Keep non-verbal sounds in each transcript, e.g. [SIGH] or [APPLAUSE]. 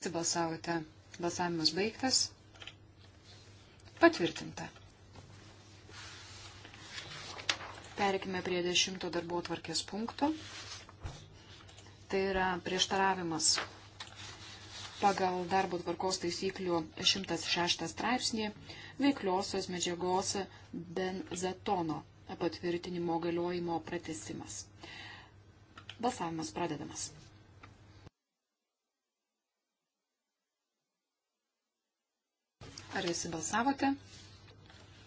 Visi balsavote. Balsavimas baigtas. Patvirtinta. Perikime prie dešimto darbo tvarkės punkto. Tai yra prieštaravimas pagal darbo tvarkos taisyklių 106 straipsnį veikliosios medžiagos benzetono patvirtinimo galiojimo pratesimas. Balsavimas pradedamas. Ar visi balsavote?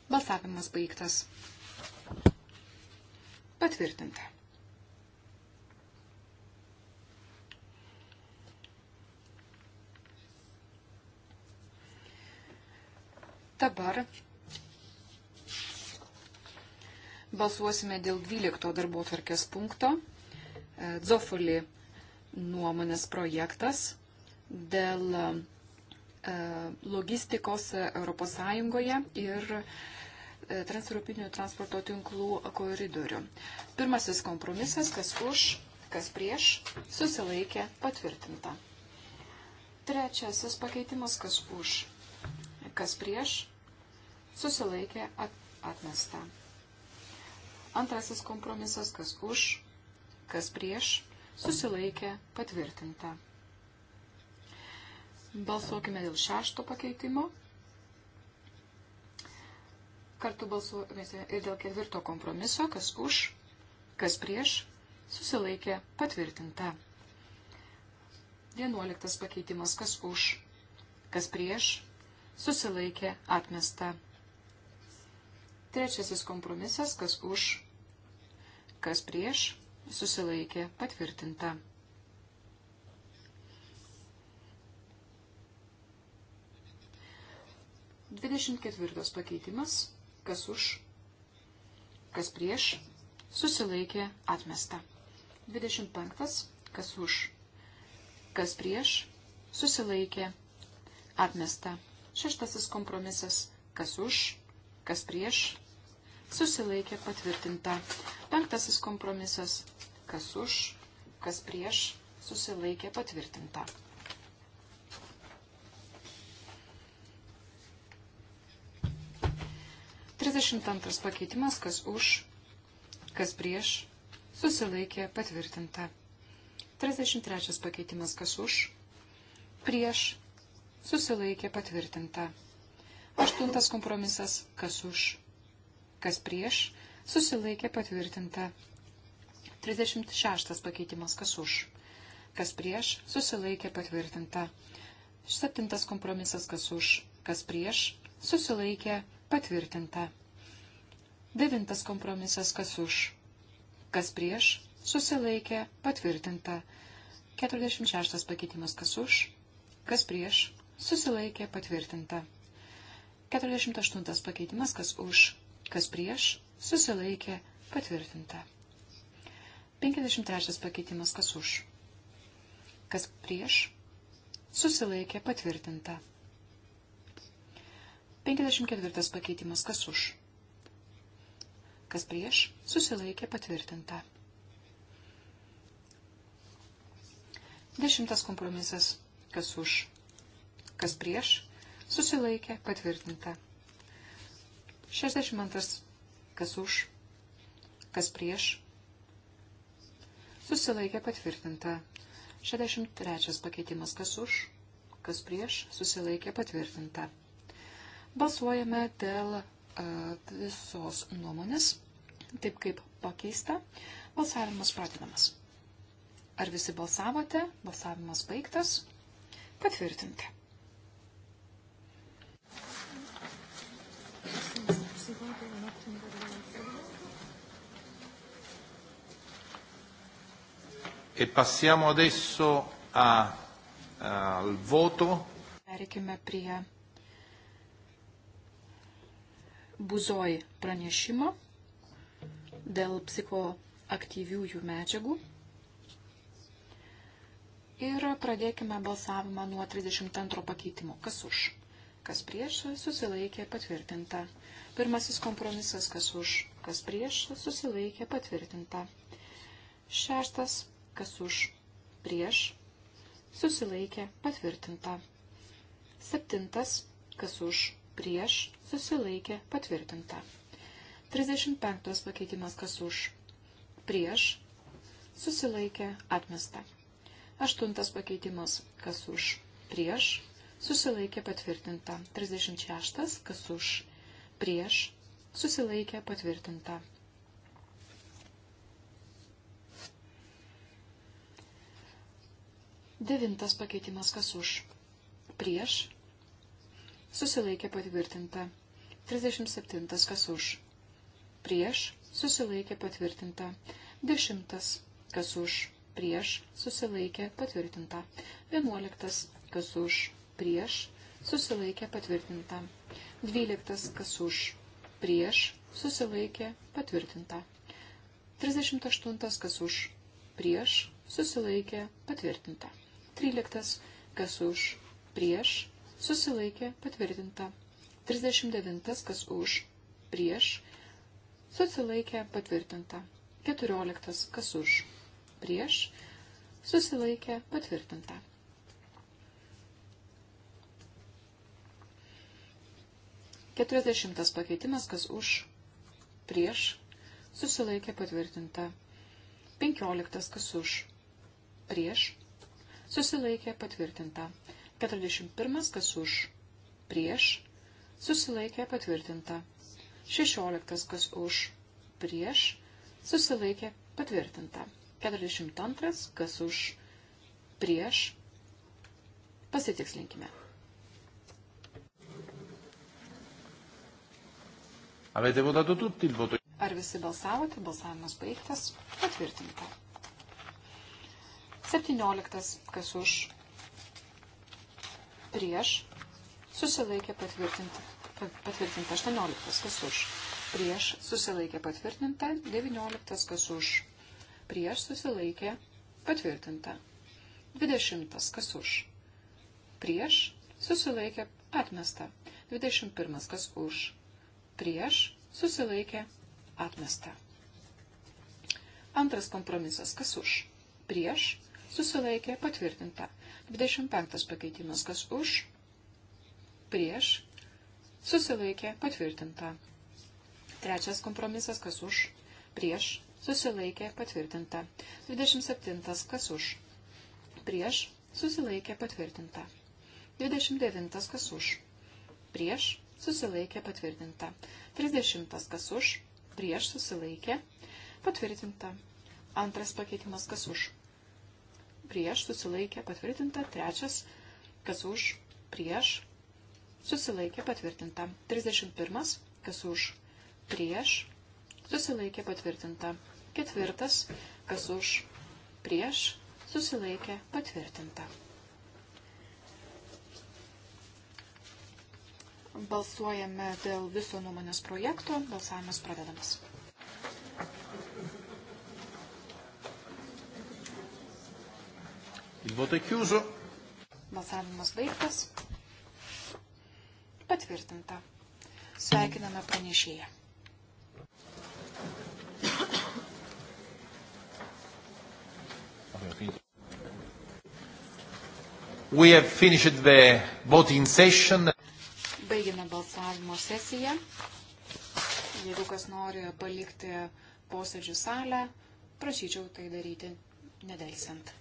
Balsavimas baigtas. Patvirtinta. Dabar balsuosime dėl 12 darbo tvarkės punkto. E, Dzofoli nuomonės projektas dėl logistikos ES ir e, transeuropinių transporto tinklų koridorių. Pirmasis kompromisas, kas už, kas prieš, susilaikė patvirtinta. Trečiasis pakeitimas, kas už, kas prieš, susilaikė atmesta. Antrasis kompromisas, kas už, kas prieš, susilaikė patvirtinta. Balsuokime dėl šešto pakeitimo. Kartu balsuokime ir dėl ketvirto kompromiso, kas už, kas prieš, susilaikė patvirtinta. Vienuoliktas pakeitimas, kas už, kas prieš, susilaikė atmesta. Trečiasis kompromisas, kas už, kas prieš, susilaikė patvirtinta. 24 pakeitimas, kas už, kas prieš, susilaikė atmesta. 25, kas už, kas prieš, susilaikė atmesta. Šeštasis kompromisas, kas už, kas prieš, susilaikė patvirtinta. Penktasis kompromisas, kas už, kas prieš, susilaikė patvirtinta. 22 pakeitimas, kas už, kas prieš, susilaikė patvirtinta. 33 pakeitimas, kas už, prieš, susilaikė patvirtinta. 8 kompromisas, kas už, kas prieš, susilaikė patvirtinta. 36 pakeitimas, kas už, kas prieš, susilaikė patvirtinta. 7 kompromisas, kas už, kas prieš, susilaikė patvirtinta. Devintas kompromisas kas už, kas prieš, susilaikė, patvirtinta. 46 pakeitimas kas už, kas prieš, susilaikė, patvirtinta. 48 pakeitimas kas už, kas prieš, susilaikė, patvirtinta. 53 pakeitimas kas už. Kas prieš? Susilaikė patvirtinta. 54 pakeitimas kas už kas prieš, susilaikė patvirtinta. Dešimtas kompromisas, kas už, kas prieš, susilaikė patvirtinta. 62. Kas už, kas prieš, susilaikė patvirtinta. 63. Pakeitimas, kas už, kas prieš, susilaikė patvirtinta. Balsuojame dėl visos nuomonės taip kaip pakeista. Balsavimas pradedamas. Ar visi balsavote? Balsavimas baigtas. Patvirtinti. E passiamo adesso a, a, al voto. Perikime prie buzoj pranešimo dėl psichoaktyviųjų medžiagų. Ir pradėkime balsavimą nuo 32 pakeitimo. Kas už? Kas prieš? Susilaikė patvirtinta. Pirmasis kompromisas. Kas už? Kas prieš? Susilaikė patvirtinta. Šeštas. Kas už? Prieš? Susilaikė patvirtinta. Septintas. Kas už? Prieš? Susilaikė patvirtinta. 35 pakeitimas kas už, prieš, susilaikė, atmesta. 8 pakeitimas kas už, prieš, susilaikė, patvirtinta. 36 kas už, prieš, susilaikė, patvirtinta. Devintas pakeitimas kas už, prieš, susilaikė, patvirtinta. 37 kas už, prieš, susilaikė patvirtinta. Dešimtas, kas už, prieš, susilaikė patvirtinta. Vienuoliktas, kas už, prieš, susilaikė patvirtinta. Dvyliktas, kas už, prieš, susilaikė patvirtinta. 38, kas už, prieš, susilaikė patvirtinta. 13, kas už, prieš, susilaikė patvirtinta. 39, kas už, prieš, susilaikė patvirtinta. 14. Kas už, prieš, susilaikė patvirtinta. Keturiasdešimtas pakeitimas, kas už, prieš, susilaikė patvirtinta. Penkioliktas, kas už, prieš, susilaikė patvirtinta. Keturiasdešimt pirmas, kas už, prieš, susilaikė patvirtinta. 16 kas už prieš susilaikė patvirtinta. 42 kas už prieš pasitikslinkime. Avete votato tutti il voto? Ar visi balsavote? Balsavimas baigtas. Patvirtinta. 17. Kas už? Prieš. Susilaikė patvirtinti patvirtinta 18, kas už, prieš susilaikė patvirtinta 19, kas už, prieš susilaikė patvirtinta 20, kas už, prieš susilaikė atmesta 21, kas už, prieš susilaikė atmesta. Antras kompromisas, kas už, prieš susilaikė patvirtinta 25 pakeitimas, kas už, prieš susilaikė patvirtinta. Trečias kompromisas, kas už, prieš, susilaikė patvirtinta. 27. kas už, prieš, susilaikė patvirtinta. 29. kas už, prieš, susilaikė patvirtinta. 30. kas už, prieš, susilaikė patvirtinta. Antras pakeitimas, kas už, prieš, susilaikė patvirtinta. Trečias, kas už, prieš, susilaikė patvirtinta. 31. Kas už prieš susilaikė patvirtinta. 4. Kas už prieš susilaikė patvirtinta. Balsuojame dėl viso nuomonės projekto. Balsavimas pradedamas. Il voto è chiuso. Balsavimas baigtas. Patvirtinta. Sveikiname pranešėją. We have finished the voting session. Baigėme balsavimo sesiją. Jeigu kas nori palikti posėdžių salę, prašyčiau tai daryti nedelsiant.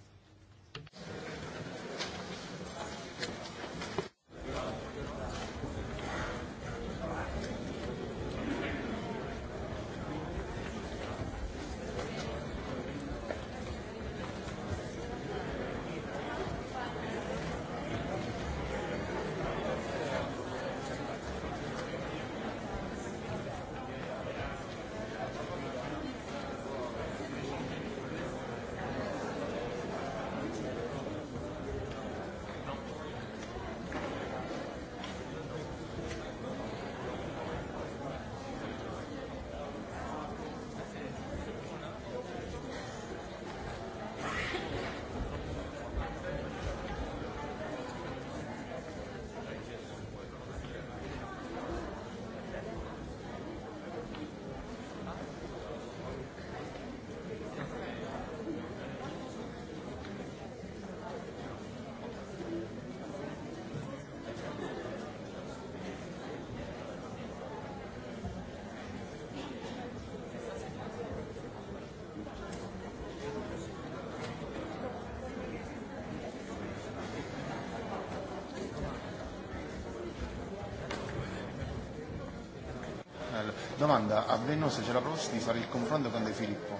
Domanda, a Venosa ce la prossimi fare il confronto con De Filippo?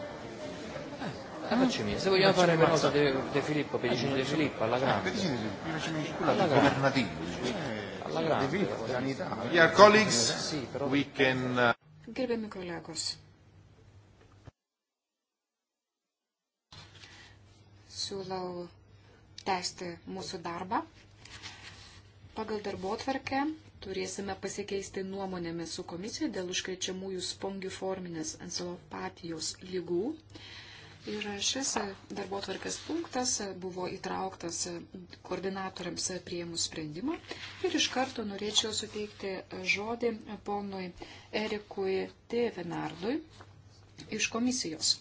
Eh, ah, mia, se vogliamo eh, fare Venosa De, De Filippo, eh, eh, Pedicini De Filippo, alla grande. Pedicini De Filippo, quello governativo. Alla grande. De Filippo, sanità. Dear colleagues, sì, però... we can... Uh, Gerbiami kolegos. Siūlau tęsti mūsų darbą. Pagal darbo atvarkę turėsime pasikeisti nuomonėmis su komisija dėl užkrečiamųjų spongiforminės encelopatijos lygų. Ir šis darbo tvarkės punktas buvo įtrauktas koordinatoriams priemų sprendimą. Ir iš karto norėčiau suteikti žodį ponui Erikui Tevenardui iš komisijos.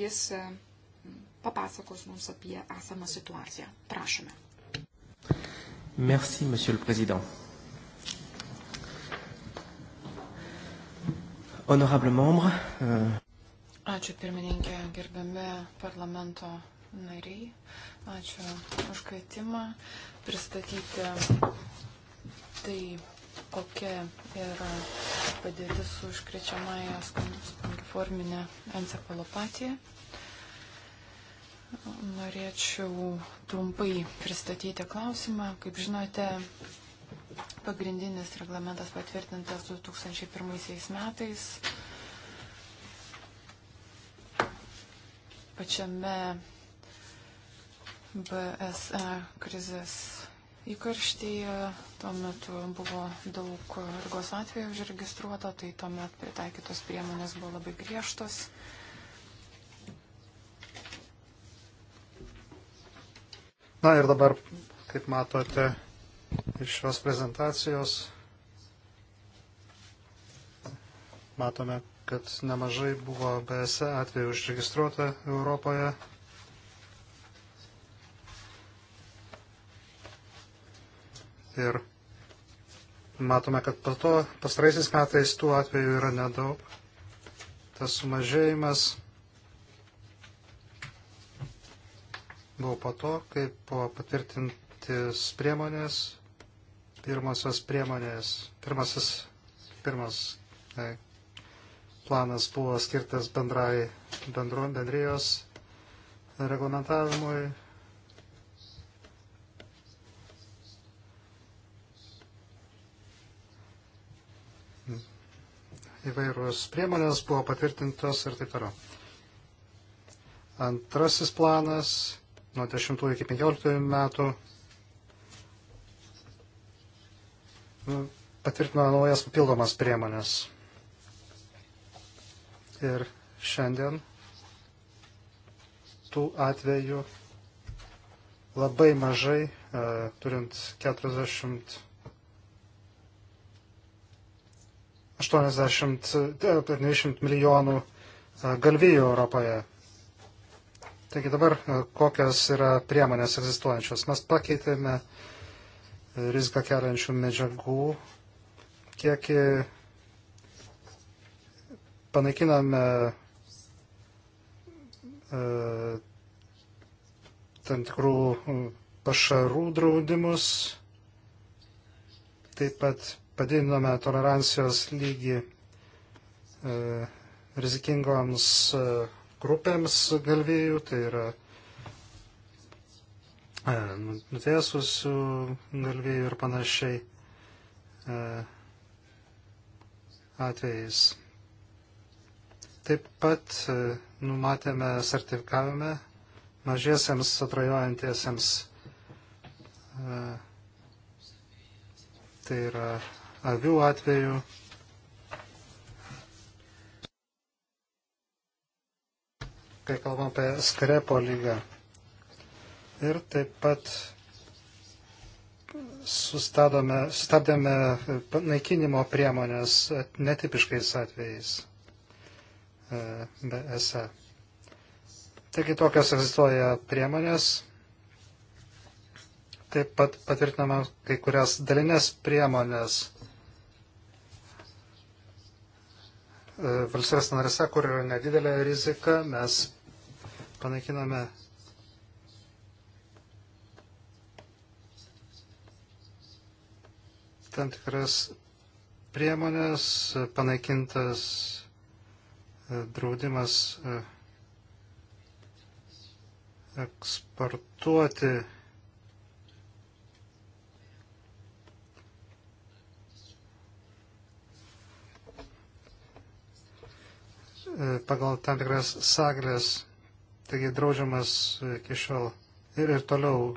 Jis papasakos mums apie esamą situaciją. Prašome. Merci, Monsieur le Président. Honorable membre. Euh... Ačiū pirmininkė, gerbiami parlamento nariai. Ačiū už kvietimą pristatyti tai, kokia yra padėtis su užkrečiamąją spangiforminę encefalopatiją. Uh, Norėčiau trumpai pristatyti klausimą. Kaip žinote, pagrindinis reglamentas patvirtintas 2001 metais. Pačiame BSE krizės įkarštyje tuo metu buvo daug argos atvejų užregistruota, tai tuomet pritaikytos priemonės buvo labai griežtos. Uh, Na ir dabar, kaip matote iš šios prezentacijos, matome, kad nemažai buvo BSE atveju užregistruota Europoje. Ir matome, kad po to pastaraisiais metais tų atvejų yra nedaug. Tas sumažėjimas buvo po to, kai buvo patvirtintis priemonės, pirmosios priemonės, pirmasis, pirmas tai, planas buvo skirtas bendrai bendru, bendrijos reglamentavimui. Įvairūs priemonės buvo patvirtintos ir taip toliau. Antrasis planas nuo 10 iki 15 metų nu, patvirtino naujas papildomas priemonės. Ir šiandien tų atvejų labai mažai, e, turint 40, 80, 90 milijonų e, galvijų Europoje. Taigi dabar e, kokios yra priemonės egzistuojančios. Mes pakeitėme e, riziką keliančių medžiagų, kiek panaikiname e, tam tikrų pašarų draudimus, taip pat padidinome tolerancijos lygį rizikingoms grupėms galvėjų, tai yra e, nutėsusių galvėjų ir panašiai e, atvejais. Taip pat e, numatėme sertifikavime mažiesiems atrajojantiesiems. E, tai yra avių atveju kai kalbam apie skrepo lygą. Ir taip pat sustabdėme naikinimo priemonės netipiškais atvejais BSE. E. Taigi tokios egzistuoja priemonės. Taip pat patvirtinama kai kurias dalinės priemonės valstybės narėse, kur yra nedidelė rizika, mes panaikiname tam tikras priemonės, panaikintas e, draudimas e, eksportuoti E, pagal tam tikras saglės, taigi draudžiamas iki šiol ir, ir toliau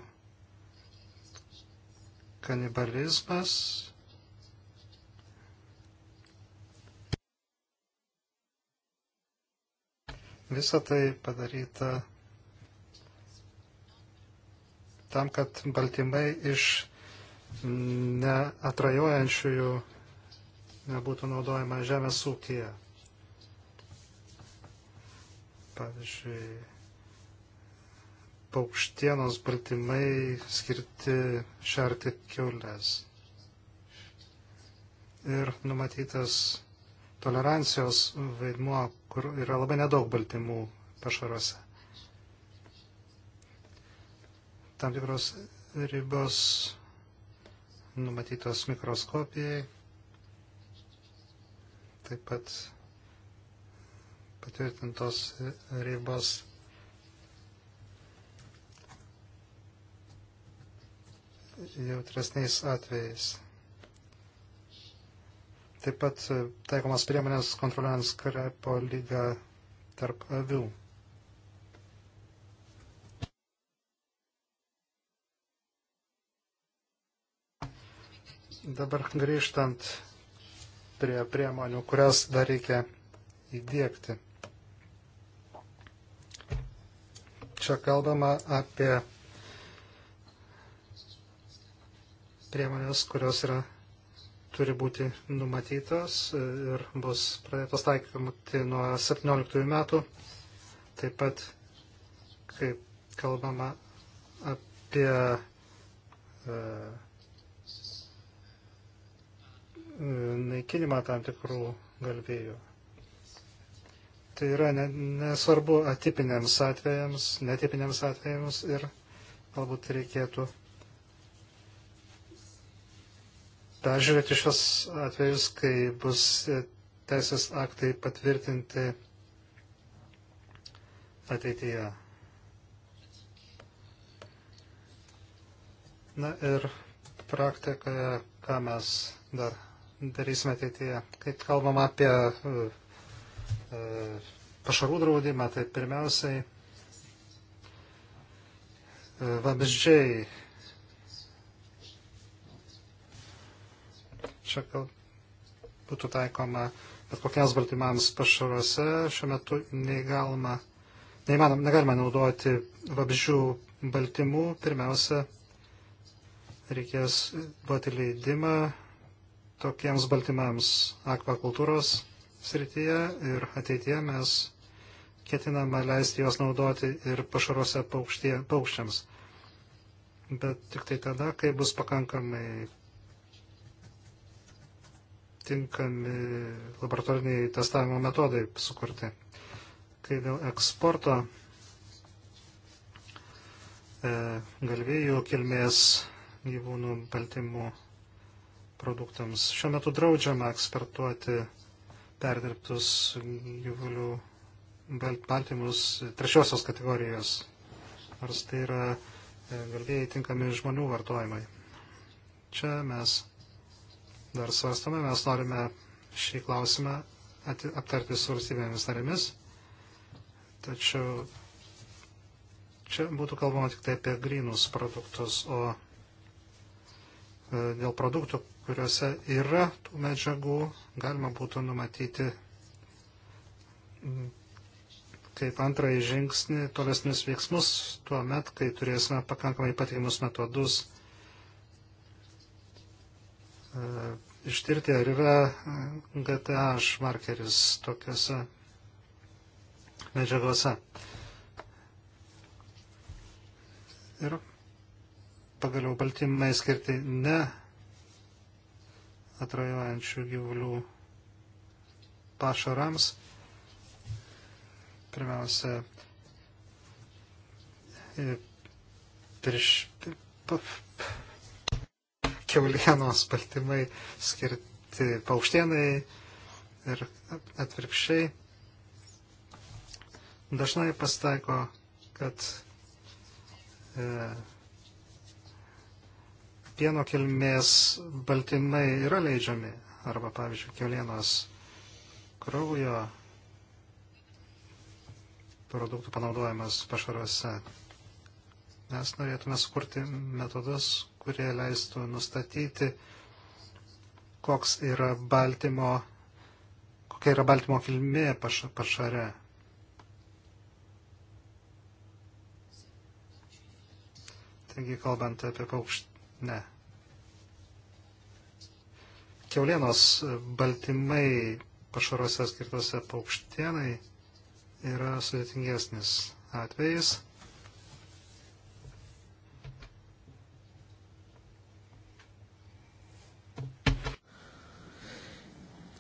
kanibalizmas. Visa tai padaryta tam, kad baltymai iš neatrajojančiųjų nebūtų naudojama žemės ūkija. Pavyzdžiui, paukštienos baltymai skirti šerti keulės. Ir numatytas tolerancijos vaidmuo, kur yra labai nedaug baltymų pašaruose. Tam tikros ribos numatytos mikroskopijai. Taip pat patvirtintos ribos. jautresniais atvejais. Taip pat taikomas priemonės kontroliuojant skrepo lygą tarp avių. Dabar grįžtant prie priemonių, kurias dar reikia įdėkti. čia kalbama apie priemonės, kurios yra, turi būti numatytos ir bus pradėtos taikyti nuo 17 metų. Taip pat, kaip kalbama apie e, naikinimą tam tikrų galvėjų. Tai yra nesvarbu atipiniams atvejams, netipiniams atvejams ir galbūt reikėtų peržiūrėti šios atvejus, kai bus teisės aktai patvirtinti ateityje. Na ir praktikoje, ką mes dar darysime ateityje. Kai kalbam apie E, pašarų draudimą, tai pirmiausiai e, vabzdžiai. Čia gal būtų taikoma bet kokiems baltymams pašaruose. Šiuo metu neįgalima, neįmanom, negalima naudoti vabzdžių baltymų. Pirmiausia, reikės duoti leidimą tokiems baltymams akvakultūros srityje ir ateitie mes ketinama leisti juos naudoti ir pašaruose paukštie, paukščiams. Bet tik tai tada, kai bus pakankamai tinkami laboratoriniai testavimo metodai sukurti. Kai dėl eksporto e, galvėjų kilmės gyvūnų baltymų produktams. Šiuo metu draudžiama eksportuoti perdirbtus gyvulių baltymus trečiosios kategorijos, nors tai yra e, galvėjai tinkami žmonių vartojimai. Čia mes dar svarstame, mes norime šį klausimą aptarti su valstybėmis narėmis, tačiau čia būtų kalbama tik tai apie grinus produktus, o E, dėl produktų, kuriuose yra tų medžiagų, galima būtų numatyti kaip antrąjį žingsnį tolesnius veiksmus tuo met, kai turėsime pakankamai patikimus metodus e, ištirti, ar yra e, GTH markeris tokiuose medžiagose. Ir pagaliau baltymai skirti ne atrajojančių gyvulių pašarams. Pirmiausia, e, prieš keulienos baltymai skirti paukštienai ir atvirkščiai. Dažnai pastaiko, kad e, pieno kilmės baltymai yra leidžiami, arba, pavyzdžiui, kiaulienos kraujo produktų panaudojimas pašaruose. Mes norėtume sukurti metodus, kurie leistų nustatyti, koks yra baltymo, kokia yra baltymo kilmė paš, pašare. Taigi, kalbant apie paukštį Ne. Kiaulienos e, baltymai pašaruose skirtose paukštienai yra sudėtingesnis atvejis.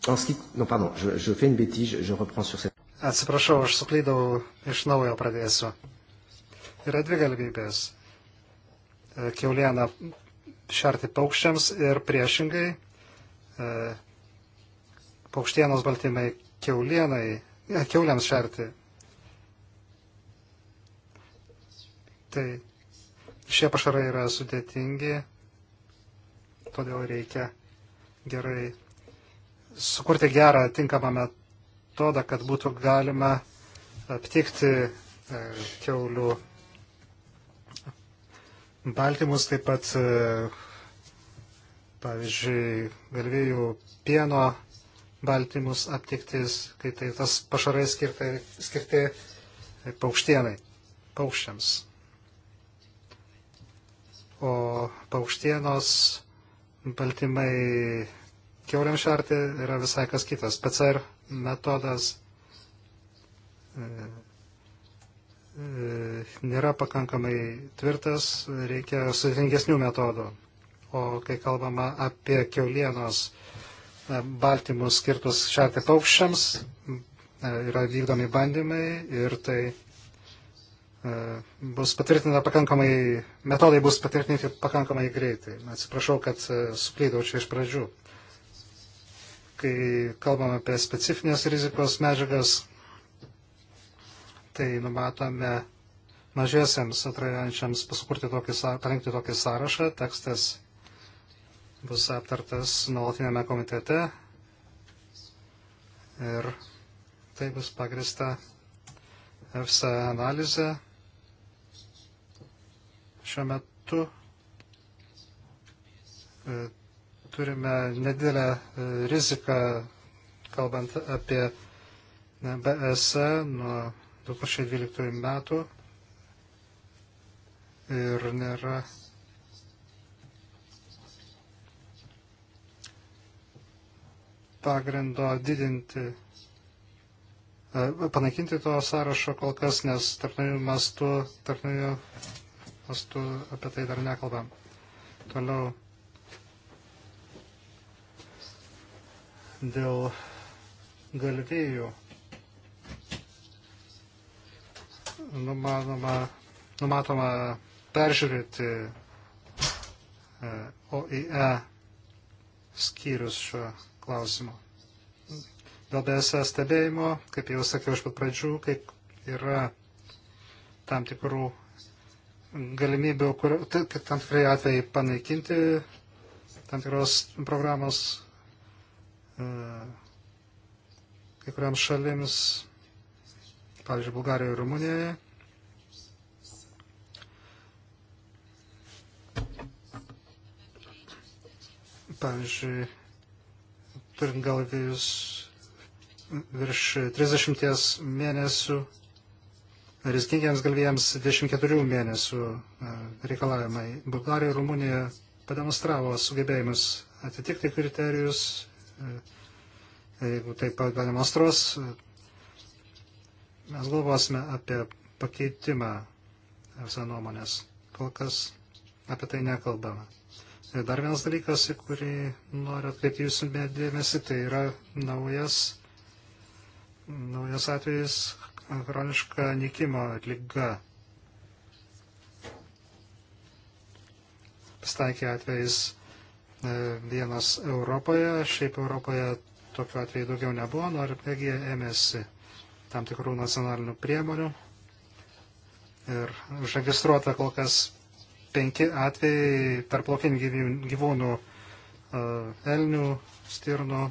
En ce qui... Non, pardon, je, je fais une bêtise, je, je reprends sur cette... Atsiprašau, aš suklydau, iš naujo pradėsiu. Yra dvi galimybės. E, Kiaulieną šerti paukščiams ir priešingai e, paukštienos baltymai keulienai, e, keuliams šerti. Tai šie pašarai yra sudėtingi, todėl reikia gerai sukurti gerą tinkamą metodą, kad būtų galima aptikti e, keulių baltymus, taip pat, e, pavyzdžiui, galvėjų pieno baltymus aptiktis, kai tai tas pašarai skirti, skirti e, paukštienai, paukščiams. O paukštienos baltymai keuliam šerti yra visai kas kitas. PCR metodas e, E, nėra pakankamai tvirtas, reikia sudėtingesnių metodų. O kai kalbama apie keulienos e, baltymus skirtus šerti paukščiams, e, yra vykdomi bandymai ir tai bus patvirtinta pakankamai, metodai bus patvirtinti pakankamai greitai. Atsiprašau, kad suklydau čia iš pradžių. Kai kalbame apie specifinės rizikos medžiagas, tai numatome mažiesiams atrajančiams pasukurti tokį, parengti tokį sąrašą. Tekstas bus aptartas nuolatinėme komitete ir tai bus pagrista EFSA analizė. Šiuo metu e, turime nedidelę e, riziką, kalbant apie BSE nuo 2012 metų ir nėra pagrindo didinti, e, panaikinti to sąrašo kol kas, nes tarptautiniu mastu, tarptautiniu mastu apie tai dar nekalbam. Toliau dėl galvėjų numanoma, numatoma peržiūrėti OIE e skyrius šiuo klausimu. Dėl BSS stebėjimo, kaip jau sakiau iš pat pradžių, kaip yra tam tikrų galimybių, kur, tai, tam tikrai atvejai panaikinti tam tikros programos e, kai kuriams šalims, pavyzdžiui, Bulgarijoje ir Rumunijoje. pavyzdžiui, turint galvėjus virš 30 mėnesių, rizikingiams galvėjams 24 mėnesių e, reikalavimai. Bulgarija ir Rumunija pademonstravo sugebėjimus atitikti kriterijus, e, jeigu taip pat pademonstruos, mes galvosime apie pakeitimą visą nuomonės. Kol kas apie tai nekalbame. Dar vienas dalykas, į kurį noriu atkreipti jūsų dėmesį, tai yra naujas, naujas atvejis chroniška nikimo lyga. Pastaikė atvejais e, vienas Europoje, šiaip Europoje tokiu atveju daugiau nebuvo, Norvegija ėmėsi tam tikrų nacionalinių priemonių ir užregistruota kol kas penki atvejai perplaukinių gyvūnų, e, elnių, stirnų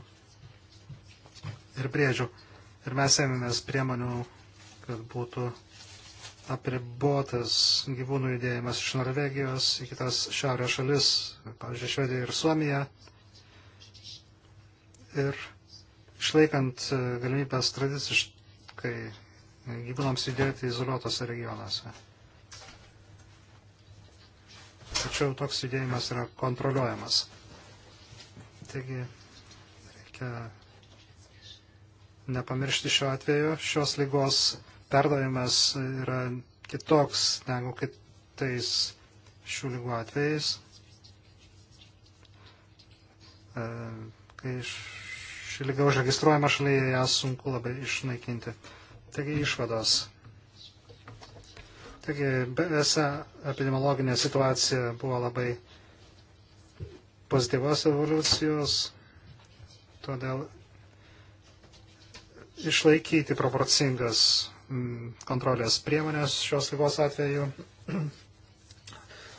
ir brėžių. Ir mes ėmėmės priemonių, kad būtų apribotas gyvūnų judėjimas iš Norvegijos į kitas šiaurės šalis, pavyzdžiui, Švediją ir Suomiją. Ir išlaikant e, galimybės tradiciškai gyvūnams judėti izoliuotose regionuose tačiau toks judėjimas yra kontroliuojamas. Taigi reikia nepamiršti šiuo atveju. Šios lygos perdavimas yra kitoks negu kitais šių lygų atvejais. E, kai ši lyga užregistruojama šalyje, ją sunku labai išnaikinti. Taigi išvados Taigi, visa epidemiologinė situacija buvo labai pozityvos evoliucijos, todėl išlaikyti proporcingas mm, kontrolės priemonės šios lygos atveju. [CLEARS THROAT]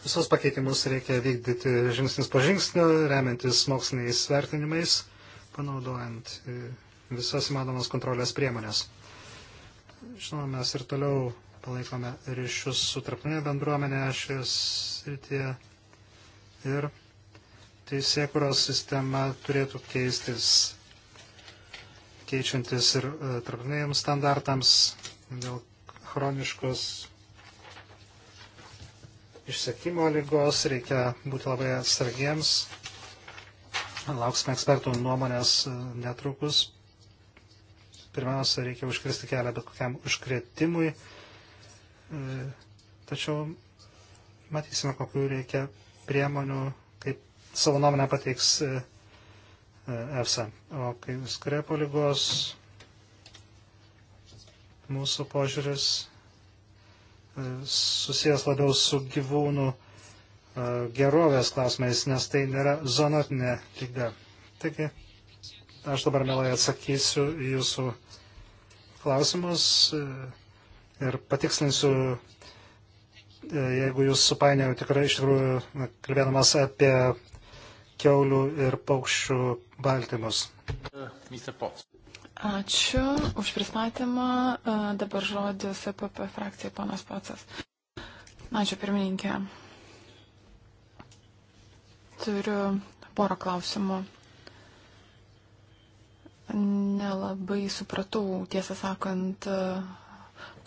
Visus pakeitimus reikia vykdyti žingsnis po žingsnio, remiantis moksliniais vertinimais, panaudojant e, visas įmanomas kontrolės priemonės. Žinoma, mes ir toliau palaikome ryšius su tarptautinė bendruomenė šioje srityje ir teisėkuros sistema turėtų keistis, keičiantis ir e, tarptautinėjams standartams dėl chroniškos išsekimo lygos, reikia būti labai atsargiems. Lauksime ekspertų nuomonės e, netrukus. Pirmiausia, reikia užkristi kelią bet kokiam užkretimui. E, tačiau matysime, kokiu reikia priemonių, kaip savo nuomonę pateiks e, e, EFSA. O kai skrepo lygos mūsų požiūris susijęs labiau su gyvūnų gerovės klausimais, nes tai nėra zonotinė lyga. Taigi, aš dabar melai atsakysiu jūsų klausimus ir patikslinsiu, e, jeigu jūs supainėjau tikrai iš tikrųjų kalbėdamas apie keulių ir paukščių baltymus. Ačiū už pristatymą. E, dabar žodis APP e frakcija, ponas Pacas. Ačiū pirmininkė. Turiu porą klausimų. Nelabai supratau, tiesą sakant,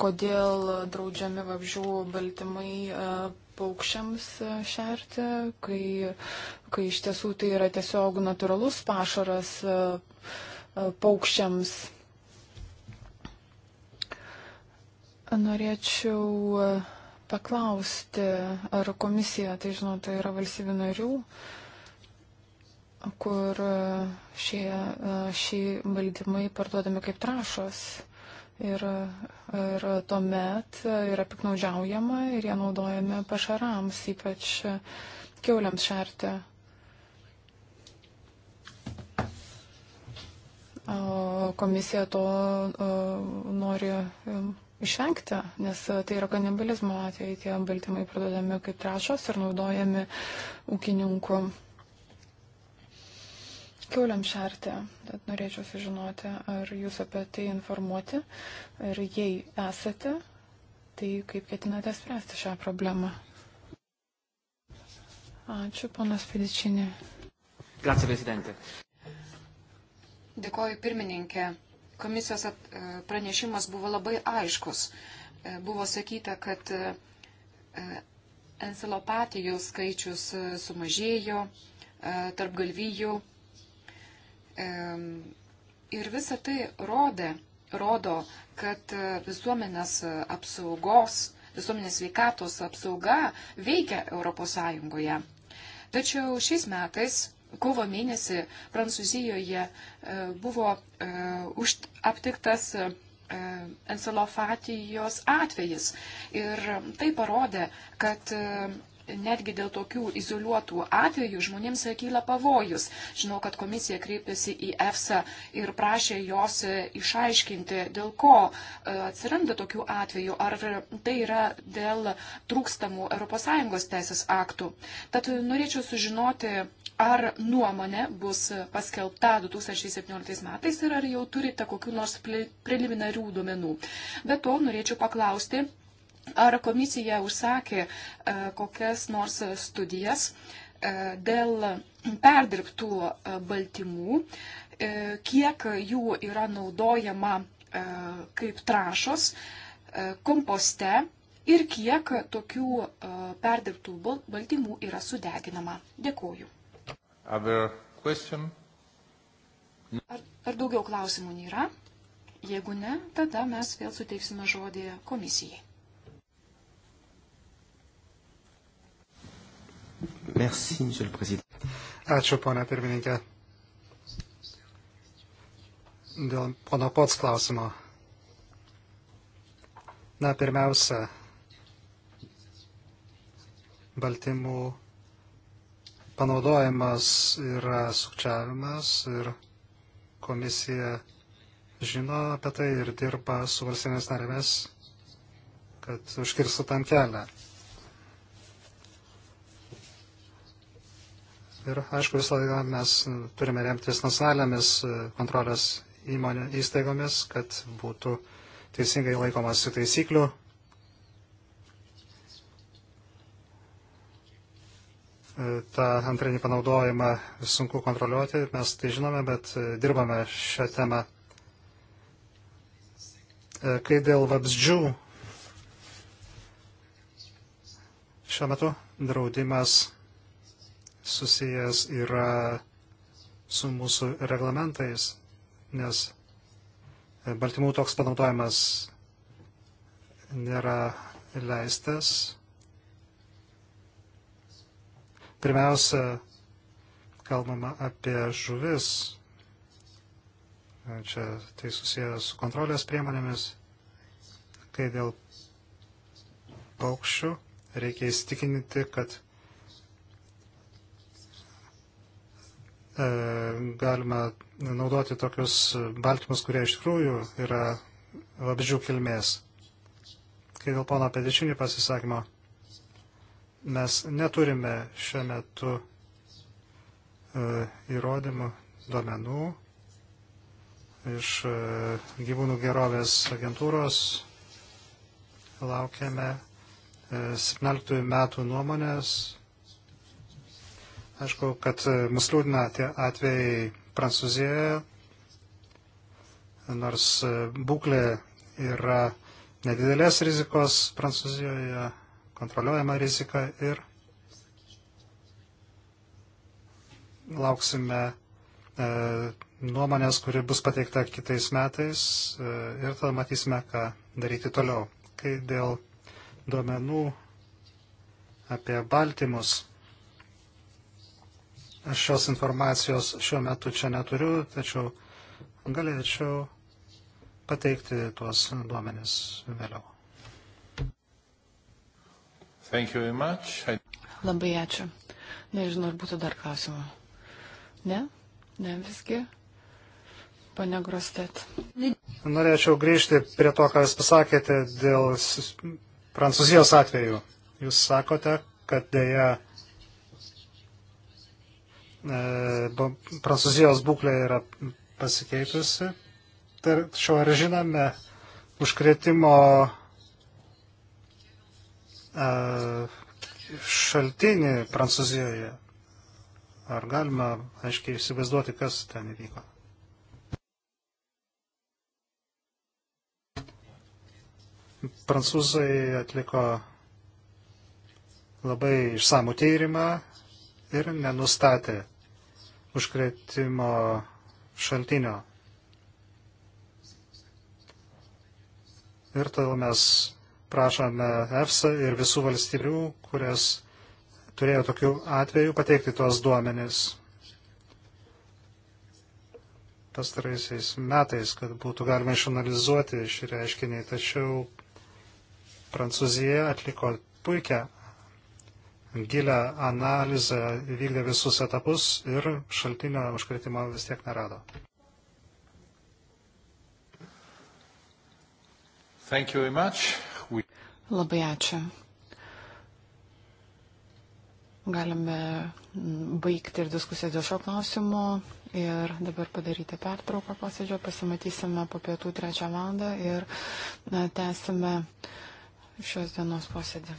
kodėl draudžiami vabžių baltymai e, paukščiams šerti, kai, kai iš tiesų tai yra tiesiog natūralus pašaras e, e, paukščiams. Norėčiau paklausti, ar komisija, tai žinau, tai yra valstybių narių, kur šie, šie valdymai parduodami kaip trašos. Ir, ir tuomet yra piknaudžiaujama ir jie naudojami pašarams, ypač kiauliams šerti. Komisija to nori um, išvengti, nes tai yra kanibalizmo atvejai, tie baltymai pradedami kaip trašos ir naudojami ūkininkų kiauliam šerti. Tad norėčiau sužinoti, ar jūs apie tai informuoti ir jei esate, tai kaip ketinate spręsti šią problemą. Ačiū, ponas Pidičinė. Grazie, prezidentė. Dėkoju, pirmininkė. Komisijos at, e, pranešimas buvo labai aiškus. E, buvo sakyta, kad e, encelopatijų skaičius sumažėjo, tarp galvijų Ir visa tai rodė, rodo, kad e, visuomenės apsaugos, visuomenės veikatos apsauga veikia ES. Tačiau šiais metais, kovo mėnesį, Prancūzijoje e, buvo e, aptiktas encelofatijos atvejis. Ir tai parodė, kad netgi dėl tokių izoliuotų atvejų žmonėms kyla pavojus. Žinau, kad komisija kreipėsi į EFSA ir prašė jos e, išaiškinti, dėl ko e, atsiranda tokių atvejų, ar tai yra dėl trūkstamų ES teisės aktų. Tad norėčiau sužinoti, ar nuomonė bus paskelbta 2017 metais ir ar jau turite kokiu nors preliminarių duomenų. Be to norėčiau paklausti, Ar komisija užsakė e, kokias nors studijas e, dėl perdirbtų e, baltymų, kiek jų yra naudojama kaip trašos komposte ir kiek tokių perdirbtų baltymų yra sudeginama. Dėkuoju. Ar, ar daugiau klausimų nėra? Jeigu ne, tada mes vėl suteiksime žodį komisijai. Merci, monsieur le président. Ačiū, ponia pirmininkė. Dėl pono Pots klausimo. Na, pirmiausia, baltymų panaudojimas yra sukčiavimas ir komisija žino apie tai ir dirba su valstybės narėmis, kad užkirstų tam kelią. Ir aišku, visą laiką mes turime remtis nacionalinėmis e, kontrolės įmonė, įstaigomis, kad būtų teisingai laikomasi taisyklių. E, Ta antrinį panaudojimą sunku kontroliuoti, mes tai žinome, bet e, dirbame šią temą. Kai dėl vabzdžių šiuo metu draudimas susijęs yra su mūsų reglamentais, nes e, baltymų toks panaudojimas nėra leistas. Pirmiausia, kalbama apie žuvis. Čia tai susijęs su kontrolės priemonėmis, kai dėl paukščių reikia įstikinti, kad E, galima naudoti tokius baltymus, kurie iš tikrųjų yra vabzdžių kilmės. Kai dėl pono Pedičinį pasisakymo, mes neturime šiuo metu e, įrodymų, duomenų iš e, gyvūnų gerovės agentūros. Laukiame 17 metų nuomonės Aišku, kad e, mus liūdina tie atvejai Prancūzijoje, nors e, būklė yra nedidelės rizikos Prancūzijoje, kontroliuojama rizika ir lauksime e, nuomonės, kuri bus pateikta kitais metais e, ir tada matysime, ką daryti toliau. Kai dėl duomenų apie baltymus Aš šios informacijos šiuo metu čia neturiu, tačiau galėčiau pateikti tuos duomenis vėliau. I... Labai ačiū. Nežinau, ar būtų dar klausimų. Ne? Ne visgi? Pane Grostet. Norėčiau grįžti prie to, ką Jūs pasakėte dėl Prancūzijos atveju. Jūs sakote, kad dėja E, Prancūzijos būklė yra pasikeitusi. Tačiau ar žinome užkretimo e, šaltinį Prancūzijoje? Ar galima aiškiai įsivaizduoti, kas ten įvyko? Prancūzai atliko labai išsamų tyrimą ir nenustatė užkretimo šaltinio. Ir todėl mes prašome EFSA ir visų valstybių, kurias turėjo tokių atvejų, pateikti tuos duomenis pastaraisiais metais, kad būtų galima išanalizuoti šį reiškinį. Tačiau Prancūzija atliko puikią gilę analizę, vykdė visus etapus ir šaltinio užkretimo vis tiek nerado. We... Labai ačiū. Galime mm, baigti ir diskusiją dėl šio klausimo ir dabar padaryti pertrauką posėdžio. Pasimatysime po pietų trečią valandą ir na, tęsime šios dienos posėdį.